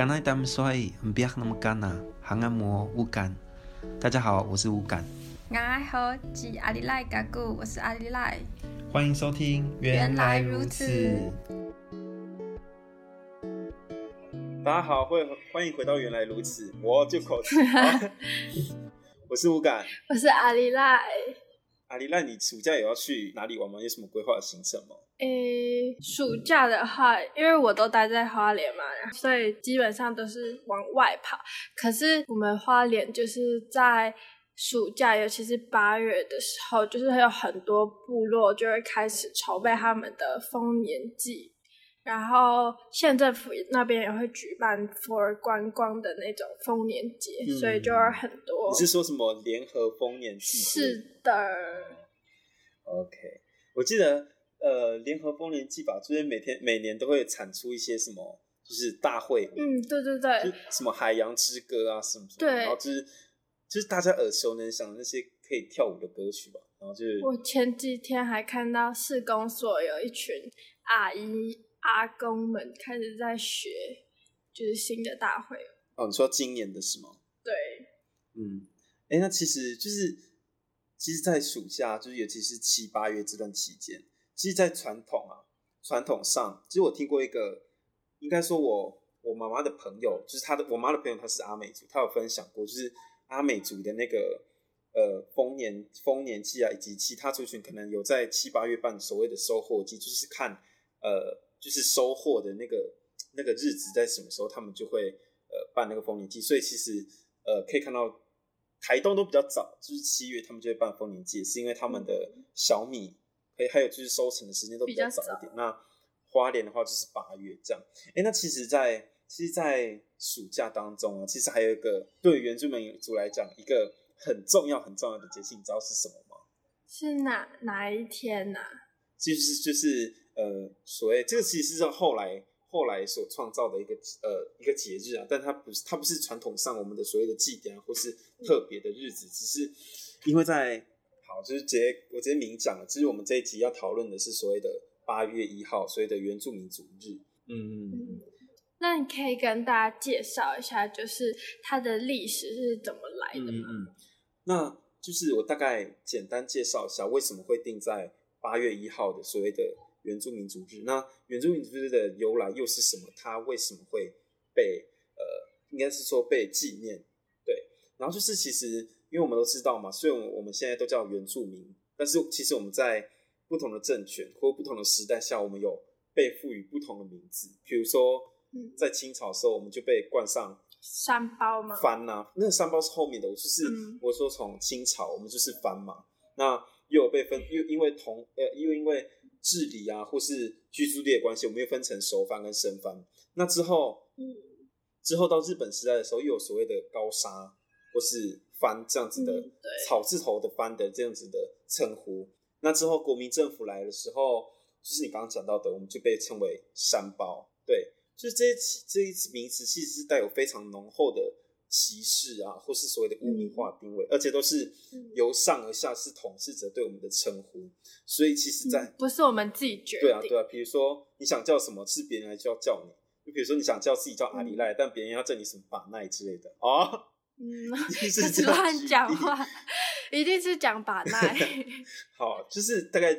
剛來他們說，不要那麼幹吶，還按摩無感。大家好，我是無感。我是阿里賴，歡迎收聽，原來如此。大家好，歡歡迎回到原來如此，我就口吃。 我是無感，我是阿里賴。阿里賴，你暑假有要去哪裡玩嗎？有什麼規劃行程嗎？呃、欸，暑假的話，因為我都待在花蓮嘛，所以基本上都是往外跑。可是我們花蓮就是在暑假，尤其是八月的時候，就是會有很多部落就會開始籌備他們的豐年祭，然後縣政府那邊也會舉辦 for 觀光的那種豐年節、嗯，所以就有很多。你是說什麼聯合豐年祭？是的。OK，我記得。呃，聯合豐年祭吧，就是每天每年都會產出一些什麼，就是大會，嗯，對對對，就是、什麼海洋之歌啊，什麼什麼，對，然後就是就是大家耳熟能詳的那些可以跳舞的歌曲吧，然後就是我前幾天還看到市公所有一群阿姨阿公們開始在學，就是新的大會哦。你說今年的是嗎？對，嗯，哎、欸，那其實就是其實，在暑假就是尤其是七八月這段期間。其實，在傳統啊，傳統上，其實我聽過一個，應該說我我媽媽的朋友，就是她的我媽的朋友，她是阿美族，她有分享過，就是阿美族的那個呃豐年豐年祭啊，以及其他族群可能有在七八月辦所謂的收穫祭，就是看呃就是收穫的那個那個日子在什麼時候，他們就會呃辦那個豐年祭。所以其實呃可以看到，台東都比較早，就是七月他們就會辦豐年祭，是因為他們的小米。還有就是收成的時間都比較早一點。那花蓮的話就是八月這樣。誒那其實在，在其實，在暑假當中啊，其實還有一個對於原住民族來講一個很重要很重要的節慶，你知道是什麼嗎？是哪哪一天呢？其實，就是、就是、呃，所謂這個其實是後來後來所創造的一個呃一個節日啊，但它不是它不是傳統上我們的所謂的祭典啊，或是特別的日子，嗯、只是因為在。好，就是直接我直接明講了。就是我們這一集要討論的是所謂的八月一號，所謂的原住民族日。嗯嗯嗯。那你可以跟大家介紹一下，就是它的歷史是怎麼來的嗎？嗯、那就是我大概簡單介紹一下，為什麼會定在八月一號的所謂的原住民族日？那原住民族日的由來又是什麼？它為什麼會被呃，應該是說被紀念？對，然後就是其實。因為我們都知道嘛，雖然我們現在都叫原住民，但是其實我們在不同的政權或不同的時代下，我們有被賦予不同的名字。比如說，在清朝的時候，我們就被冠上、啊“山包”嗎？“番”啊，那個“山包”是後面的，我就是、嗯、我說從清朝，我們就是“番”嘛。那又有被分，又因為同呃，又因為治理啊或是居住地的關係，我們又分成熟番跟生番。那之後，嗯，之後到日本時代的時候，又有所謂的高砂，或是。番這樣子的、嗯、草字頭的番的這樣子的稱呼，那之後國民政府來的時候，就是你剛剛講到的，我們就被稱為山胞。對，就是這些這一名詞其實是帶有非常濃厚的歧視啊，或是所謂的污名化定位、嗯，而且都是由上而下是統治者對我們的稱呼，所以其實在，在、嗯、不是我們自己決定對啊對啊，比如說你想叫什麼，是別人來叫叫你，就比如說你想叫自己叫阿里賴、嗯，但別人要叫你什麼把奈之類的啊。Oh! 嗯，亂講話， 一定是講把脈。 好，就是大概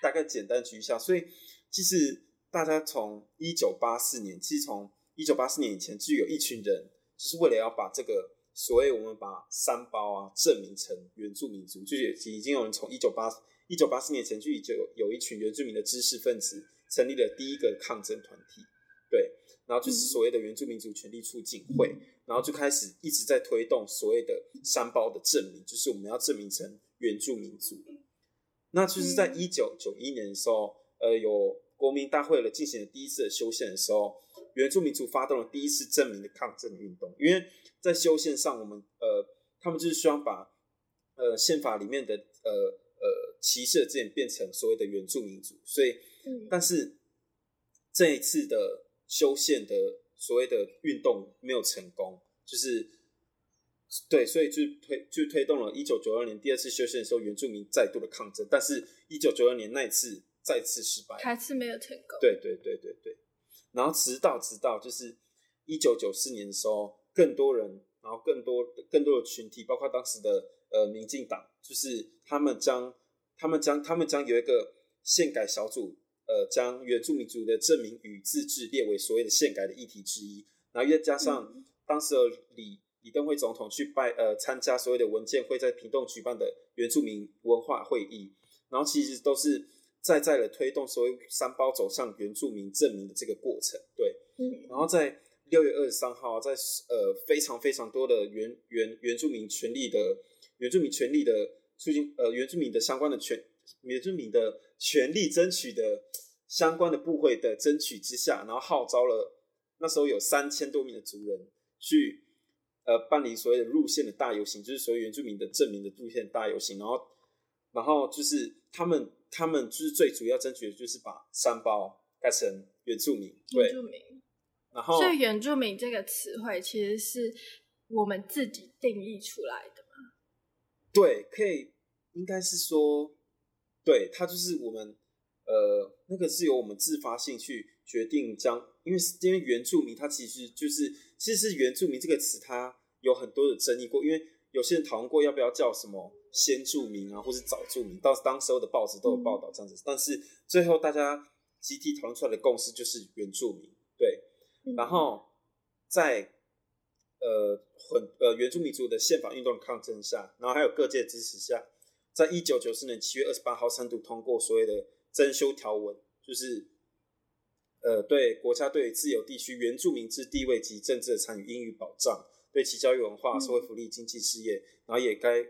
大概簡單舉一下，所以其實大家從一九八四年，其實從一九八四年以前，就有一群人，就是為了要把這個所謂我們把山胞啊正名成原住民族，就是已經有人從一九八一九八四年前，就已經有一群原住民的知識分子，成立了第一個抗爭團體。然後就是所謂的原住民族權利促進會，嗯，然後就開始一直在推動所謂的山胞的正名，就是我們要正名成原住民族。那就是在一九九一年的時候，呃，有國民大會了，進行了第一次的修憲的時候，原住民族發動了第一次正名的抗爭運動，因為在修憲上，我們呃，他們就是希望把呃憲法裡面的呃呃歧視字眼變成所謂的原住民族，所以，嗯、但是這一次的。修憲的所謂的運動沒有成功，就是，對，所以就推就推動了一九九二年，第二次修憲的時候，原住民再度的抗爭，但是一九九二年那一次再次失敗，還是沒有成功。對對對對對，然後直到直到就是一九九四年的時候，更多人，然後更多更多的群體，包括當時的呃民進黨，就是他們將他們將他們將有一個憲改小組。呃，將原住民族的正名與自治列為所謂的憲改的議題之一，然後又加上當時李李登輝總統去拜呃參加所謂的文建會在屏東舉辦的原住民文化會議，然後其實都是在在的推動所謂三包走向原住民正名的這個過程，對，然後在六月二十三號，在呃非常非常多的原原原住民權利的原住民權利的促進呃原住民的相關的權原住民的。全力爭取的相關的部會的爭取之下，然後號召了那時候有三千多名的族人去呃辦理所謂的入憲的大遊行，就是所謂原住民的正名的入憲大遊行。然後然後就是他們他們就是最主要爭取的就是把山胞改成原住民。對原住民。然後所以原住民這個詞彙其實是我們自己定義出來的嘛？對，可以，應該是說。對，它就是我們呃，那個是由我們自發性去決定將，因為因為原住民他其實就是，其實原住民這個詞，它有很多的爭議過，因為有些人討論過要不要叫什麼先住民啊，或是早住民，到當時候的報紙都有報道這樣子，嗯，但是最後大家集體討論出來的共識就是原住民，對，嗯、然後在呃混，呃，呃原住民族的憲法運動的抗爭下，然後還有各界支持下。在一九九四年七月二十八號，三讀通過所謂的增修條文，就是，呃，對國家對於自由地區原住民之地位及政治的參與應予保障，對其教育文化、社會福利、經濟事業，嗯、然後也該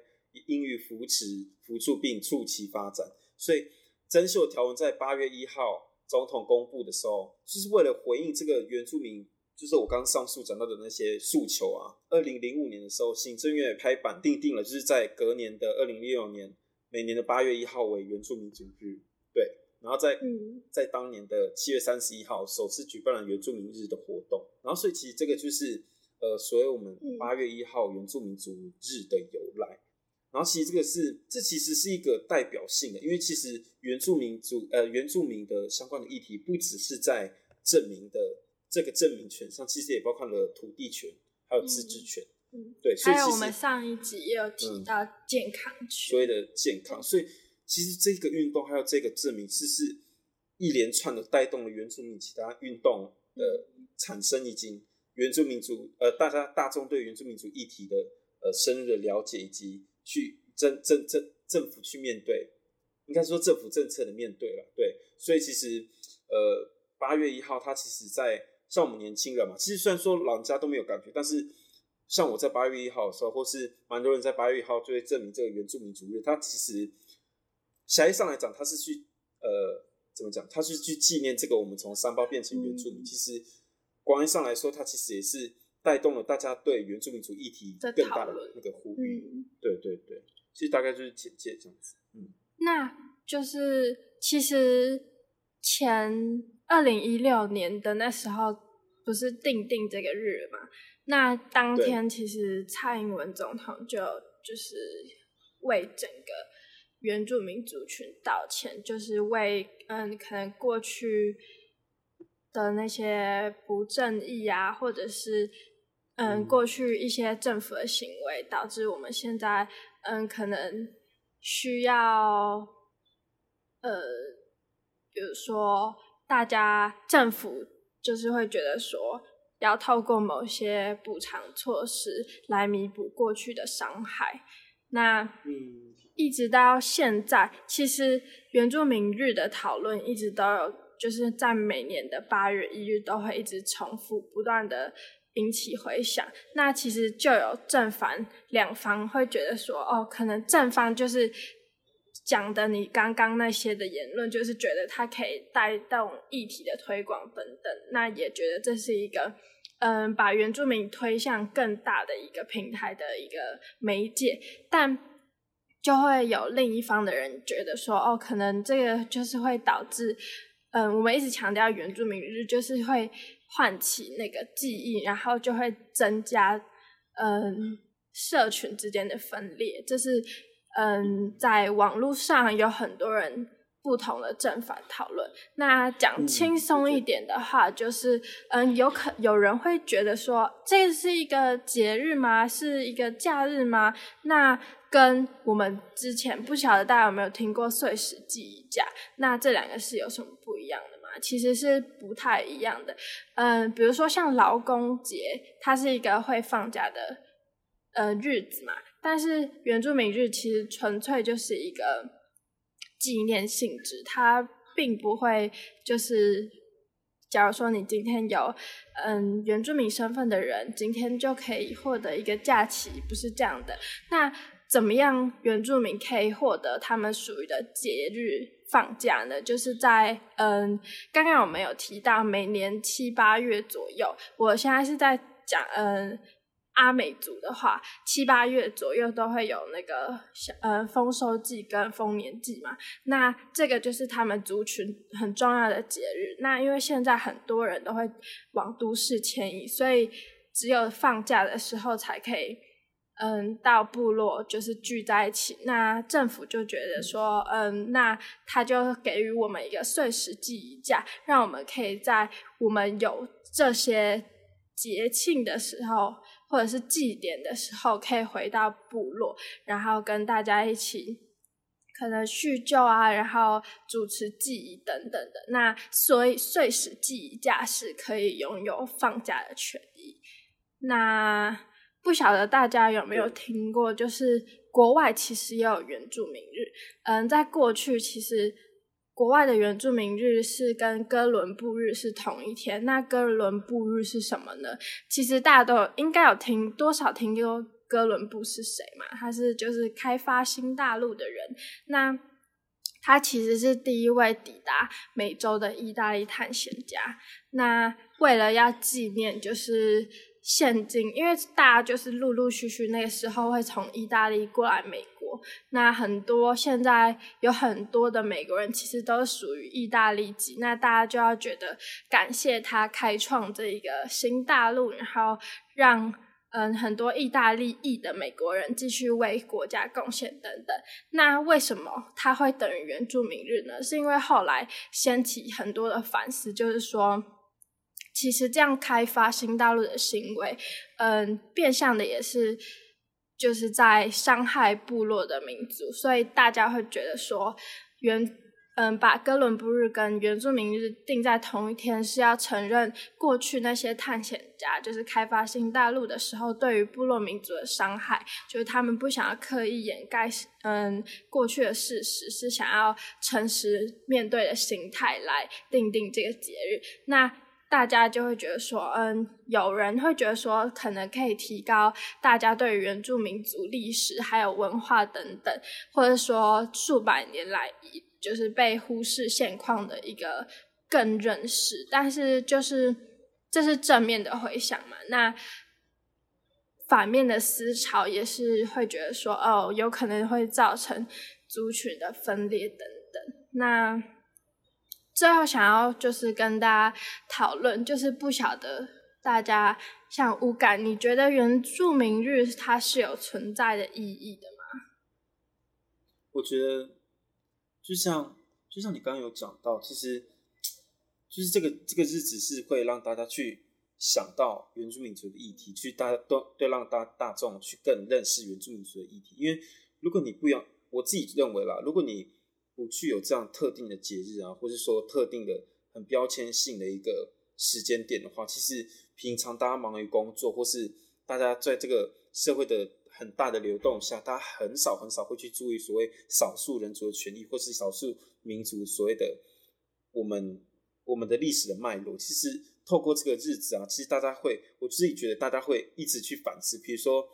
應予扶持、扶助並促其發展。所以，增修條文在八月一號總統公布的時候，就是為了回應這個原住民。就是我剛上述講到的那些訴求啊，二零零五年的時候，行政院也拍板訂定了，就是在隔年的二零零六年，每年的八月一號為原住民族日，對，然後在、嗯、在當年的七月三十一號首次舉辦了原住民日的活動，然後所以其實這個就是呃，所以我們八月一號原住民族日的由來，然後其實這個是這其實是一個代表性的，因為其實原住民族呃原住民的相關的議題不只是在正名的。這個正名權上，其實也包含了土地權，還有自治權。嗯嗯、對，所以。還有我們上一集也有提到健康權。嗯、所謂的健康，所以其實這個運動還有這個正名是，是一連串的帶動了原住民其他運動的、呃、產生，以及原住民族呃大家大眾對原住民族議題的呃深入的了解，以及去政政政政府去面對，應該說政府政策的面對了。對，所以其實呃八月一號，他其實在。像我們年輕人嘛，其實雖然說老人家都沒有感覺，但是像我在八月一號的時候，或是蠻多人在八月一號就會證明這個原住民族日。他其實狹義上來講，他是去呃怎麼講？他是去紀念這個我們從山胞變成原住民。嗯、其實廣義上來說，它其實也是帶動了大家對原住民族議題更大的那個呼籲、嗯。對對對，其實大概就是簡介這樣子。嗯，那就是其實前二零一六年的那時候。不是訂定這個日嘛，那當天其實蔡英文總統就就是為整個原住民族群道歉，就是為嗯可能過去的那些不正義啊，或者是嗯過去一些政府的行為，導致我們現在嗯可能需要呃，比如說大家政府。就是會覺得說，要透過某些補償措施來彌補過去的傷害。那，嗯，一直到現在，其實原住民日的討論一直都有，就是在每年的八月一日都會一直重複不斷的引起回響。那其實就有正反兩方會覺得說，哦，可能正方就是。講的你剛剛那些的言論，就是覺得它可以帶動議題的推廣等等，那也覺得這是一個，嗯，把原住民推向更大的一個平台的一個媒介，但就會有另一方的人覺得說，哦，可能這個就是會導致，嗯，我們一直強調原住民日就是會喚起那個記憶，然後就會增加，嗯，社群之間的分裂，這是。嗯，在網絡上有很多人不同的正反討論。那講輕鬆一點的話，就是，嗯，有可有人會覺得說，這是一個節日嗎？是一個假日嗎？那跟我們之前不曉得大家有沒有聽過歲時祭儀假？那這兩個是有什麼不一樣的嗎？其實是不太一樣的。嗯，比如說像勞工節，它是一個會放假的。呃、嗯，日子嘛，但是原住民日其實純粹就是一個紀念性質，它並不會就是，假如說你今天有嗯原住民身份的人，今天就可以獲得一個假期，不是這樣的。那怎麼樣，原住民可以獲得他們屬於的節日放假呢？就是在嗯，剛剛我們有提到每年七八月左右，我現在是在講嗯。阿美族的話，七八月左右都會有那個小呃、嗯、豐收季跟豐年祭嘛，那這個就是他們族群很重要的節日。那因為現在很多人都會往都市遷移，所以只有放假的時候才可以嗯到部落就是聚在一起。那政府就覺得說，嗯，嗯那他就給予我們一個歲時祭儀假，讓我們可以在我們有這些節慶的時候。或者是祭典的時候，可以回到部落，然後跟大家一起可能敘舊啊，然後主持祭儀等等的。那所以，歲時祭儀假是可以擁有放假的權益。那不曉得大家有沒有聽過，就是國外其實也有原住民日。嗯，在過去其實。國外的原住民日是跟哥倫布日是同一天，那哥倫布日是什麼呢？其實大家都應該有聽多少聽就哥倫布是誰嘛？他是就是開發新大陸的人，那他其實是第一位抵達美洲的意大利探險家。那為了要紀念，就是現今因為大家就是陸陸續續那個時候會從意大利過來美。那很多現在有很多的美國人其實都屬於意大利籍，那大家就要覺得感謝他開創這一個新大陸，然後讓嗯很多意大利裔的美國人繼續為國家貢獻等等。那為什麼他會等於原住民日呢？是因為後來掀起很多的反思，就是說其實這樣開發新大陸的行為，嗯，變相的也是。就是在傷害部落的民族，所以大家會覺得說，原嗯把哥倫布日跟原住民日定在同一天，是要承認過去那些探險家，就是開發新大陸的時候對於部落民族的傷害，就是他們不想要刻意掩蓋，嗯，過去的事實是想要誠實面對的心態來定定這個節日。那。大家就會覺得說，嗯，有人會覺得說，可能可以提高大家對原住民族歷史還有文化等等，或者說數百年來就是被忽視現況的一個更認識。但是，就是這是正面的回響嘛，那反面的思潮也是會覺得說，哦，有可能會造成族群的分裂等等。那。最後想要就是跟大家討論，就是不曉得大家像 Ukan，你覺得原住民日它是有存在的意義的嗎？我覺得就像就像你剛剛有講到，其實就是這個這個日子是會讓大家去想到原住民族的議題，去大家都對讓大大眾去更認識原住民族的議題。因為如果你不要，我自己認為啦，如果你不具有這樣特定的節日啊，或是說特定的很標籤性的一個時間點的話，其實平常大家忙於工作，或是大家在這個社會的很大的流動下，大家很少很少會去注意所謂少數人族的權益，或是少數民族所謂的我們我們的歷史的脈絡。其實透過這個日子啊，其實大家會，我自己覺得大家會一直去反思。比如說，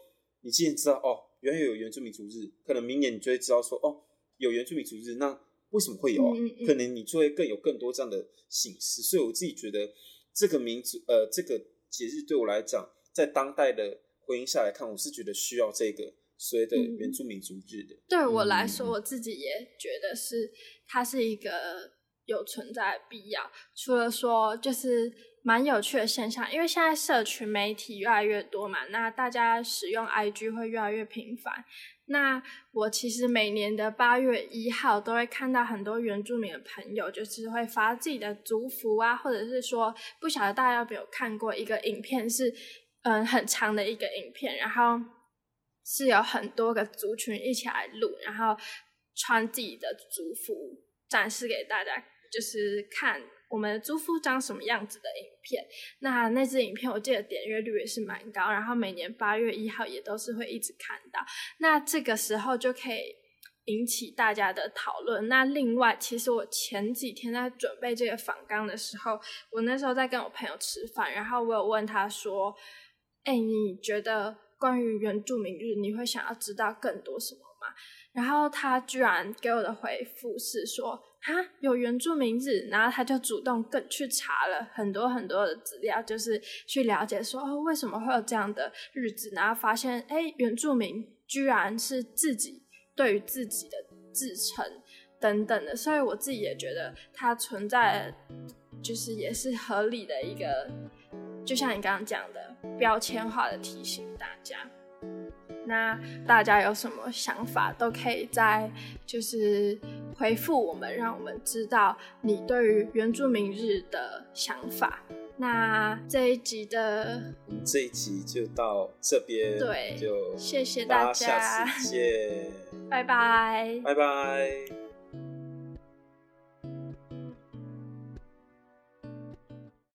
你今年知道哦，原來有原住民族日，可能明年你就會知道說哦。有原住民族日，那為什麼會有、啊嗯嗯？可能你就會更有更多這樣的形式。所以我自己覺得，這個民族呃，這個節日對我來講，在當代的婚姻下來看，我是覺得需要這個所謂的原住民族日的、嗯。對我來說，我自己也覺得是它是一個有存在的必要。除了說，就是。蠻有趣的現象，因為現在社群媒體越來越多嘛，那大家使用 IG 會越來越頻繁。那我其實每年的八月一號都會看到很多原住民的朋友，就是會發自己的族服啊，或者是說不曉得大家有沒有看過一個影片，是嗯很長的一個影片，然後是有很多個族群一起來錄，然後穿自己的族服展示給大家，就是看。我們祝福長什麼樣子的影片？那那支影片我記得點閱率也是蠻高，然後每年八月一號也都是會一直看到。那這個時候就可以引起大家的討論。那另外，其實我前幾天在準備這個訪綱的時候，我那時候在跟我朋友吃飯，然後我有問他說：“哎、欸，你覺得關於原住民日，你會想要知道更多什麼嗎？”然後他居然給我的回覆是說。有原住民日，然後他就主動更去查了很多很多的資料，就是去了解說，哦，為什麼會有這樣的日子？然後發現，哎、欸，原住民居然是自己對於自己的自稱等等的，所以我自己也覺得它存在，就是也是合理的一個，就像你剛剛講的標籤化的提醒大家。那大家有什麼想法，都可以在就是。回復我們，讓我們知道你對於原住民日的想法。那這一集的，嗯、這一集就到這邊，對，就謝謝大家，大家下次見，拜 拜，拜拜。